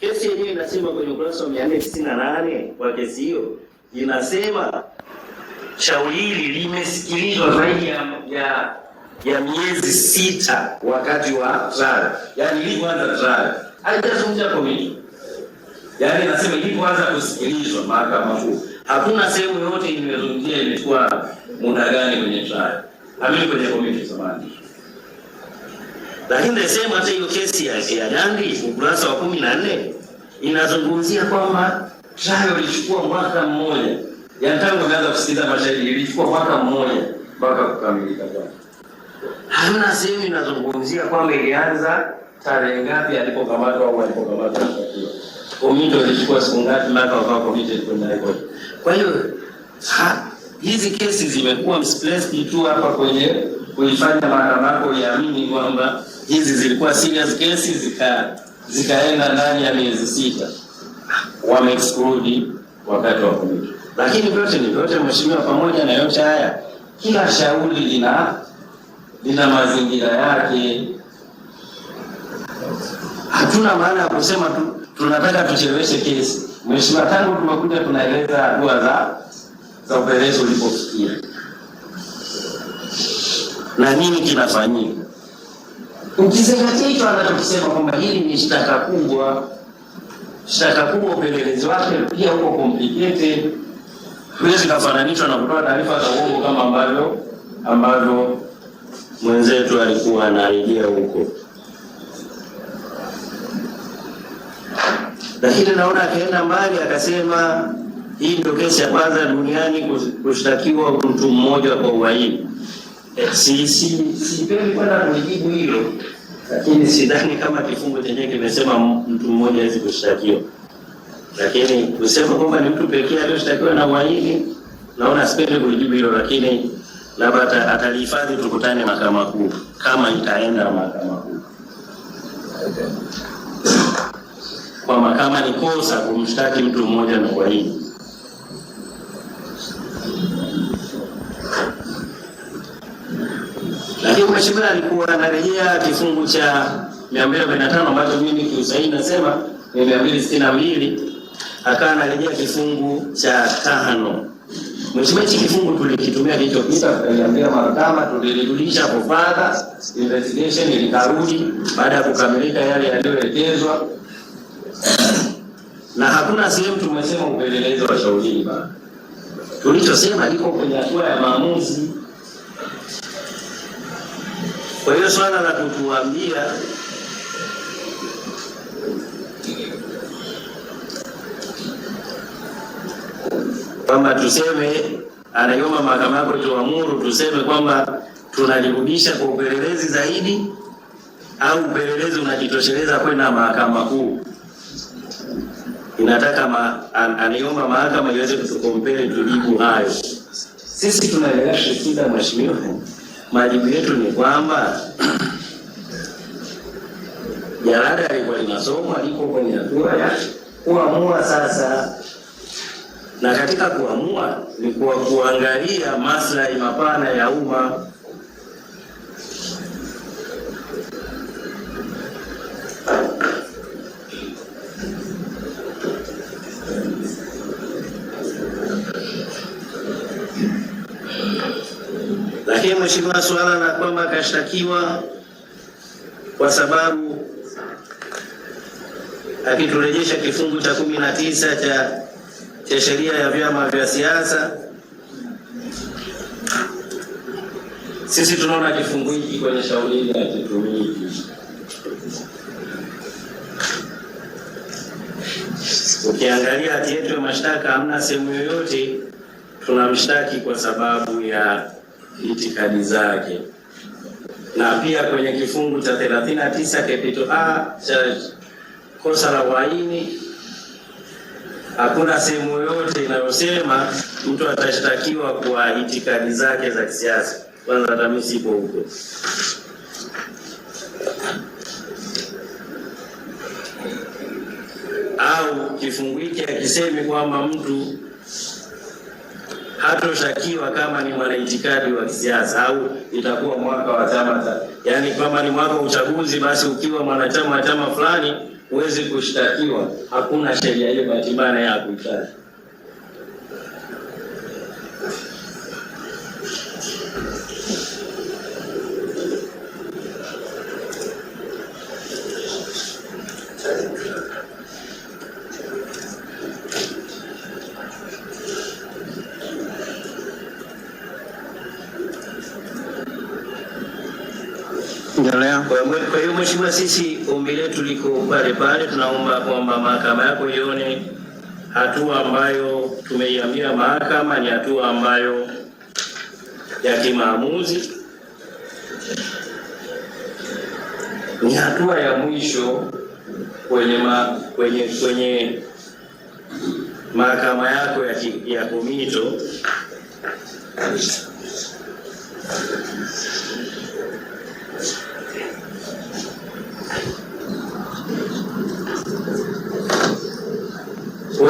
Kesi yenyewe inasema kwenye ukurasa wa 498 kwa kesi hiyo inasema shauri hili limesikilizwa zaidi ya, ya, ya miezi sita wakati wa trial, yaani ilipoanza trial kwa komiti, yaani inasema ilipoanza kusikilizwa mahakama kuu. Hakuna sehemu yote imezungumzia imechukua muda gani kwenye trial, amini kwenye komiti zamani lakini nasema hata hiyo kesi ya, ya Dangi ukurasa wa kumi na nne inazungumzia kwamba trial ilichukua mwaka mmoja, yaani tangu ameanza kusikiliza mashahidi ilichukua mwaka mmoja mpaka kukamilika kwake. Hamna sehemu inazungumzia kwamba ilianza tarehe ngapi alipokamatwa au alipokamatwa mshtakiwa, komito ilichukua siku ngapi mpaka wakawa committed kwenda rekodi. Kwa hiyo hizi kesi zimekuwa misplaced tu hapa kwenye kuifanya yako yaamini kwamba hizi zilikuwa serious cases zika zikaenda ndani ya miezi sita, wameexclude wakati wa kuja. Lakini vyote ni vyote, mheshimiwa, pamoja na yote haya, kila shauri lina lina mazingira yake. Hatuna maana ya kusema tu, tunataka tucheleweshe kesi. Mheshimiwa, tangu tumekuja tunaeleza hatua za za upelelezi ulipofikia na nini kinafanyika. Ukizingatia hicho anachokisema kwamba hili ni shtaka kubwa, shtaka kubwa, upelelezi wake pia huko complicated, huwezi kufananishwa na kutoa taarifa za uongo kama ambavyo ambavyo mwenzetu alikuwa anarejea huko, lakini naona akaenda mbali akasema hii ndio kesi ya kwanza duniani kushtakiwa mtu mmoja kwa uhaini. Si sipendi kwenda kujibu hilo, lakini sidhani kama kifungu chenyewe kimesema mtu mmoja hawezi kushtakiwa, lakini kusema kwamba ni mtu pekee aliyoshtakiwa na uhaini, naona sipendi kujibu hilo, lakini labda atalihifadhi, tukutane mahakama kuu kama itaenda mahakama kuu kwa kama ni kosa kumshtaki mtu mmoja na uhaini Lakini mheshimiwa alikuwa anarejea kifungu cha 245 ambacho mimi kiusahihi nasema ni 262, akawa anarejea kifungu cha tano. Mheshimiwa, hichi kifungu tulikitumia kilichopita, tukaiambia mahakama, tulirudisha kwa fadha, investigation ilikarudi baada ya kukamilika yale yaliyoelekezwa, na hakuna sehemu tumesema upelelezi wa shauri hili. Tulichosema liko kwenye hatua ya maamuzi. Kwa hiyo swala la kutuambia kwamba tuseme anaiomba mahakama yako tuamuru tuseme kwamba tunalirudisha kwa upelelezi zaidi, au upelelezi unajitosheleza kwenda mahakama kuu. Inataka ma, an, anaiomba mahakama iweze kutukompele tujibu hayo. Sisi tunaelewa shida, mheshimiwa majibu yetu ni kwamba jalada liko linasomwa liko kwenye hatua ya kuamua sasa, na katika kuamua ni kwa kuangalia maslahi mapana ya umma. Lakini mheshimiwa Swala na kwamba akashtakiwa kwa sababu akiturejesha kifungu cha kumi na tisa cha, cha sheria ya vyama vya siasa, sisi tunaona kifungu hiki kwenye shauri hili hakitumiki. Ukiangalia hati yetu ya mashtaka, hamna sehemu yoyote tunamshtaki kwa sababu ya itikadi zake. Na pia kwenye kifungu cha 39 kapito a cha kosa la uhaini, hakuna sehemu yoyote inayosema mtu atashtakiwa kwa itikadi zake za kisiasa. Kwanza hata mimi sipo huko. Au kifungu hiki akisemi kwamba mtu hatoshakiwa kama ni mwanaitikadi wa kisiasa au itakuwa mwaka wa chama, yaani kama ni mwaka wa uchaguzi, basi ukiwa mwanachama wa chama fulani huwezi kushtakiwa. Hakuna sheria hiyo, batibana ya kuifanya kuendelea. Kwa hiyo mheshimiwa, sisi ombi letu liko pale pale, tunaomba kwamba mahakama yako ione hatua ambayo tumeiambia mahakama ni hatua ambayo ya kimaamuzi, ni hatua ya mwisho kwenye ma, kwenye kwenye mahakama yako ya, ki, ya komito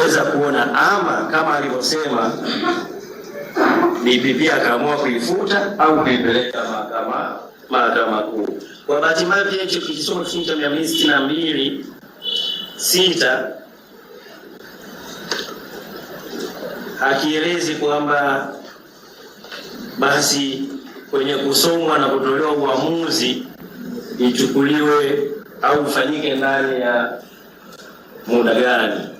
kuweza kuona, ama kama alivyosema DPP akaamua kuifuta au kuipeleka mahakama mahakama kuu. Kwa bahati mbaya pia hicho kisomo kifungu cha mia mbili sitini na mbili sita hakielezi kwamba basi kwenye kusomwa na kutolewa uamuzi ichukuliwe au ufanyike ndani ya muda gani.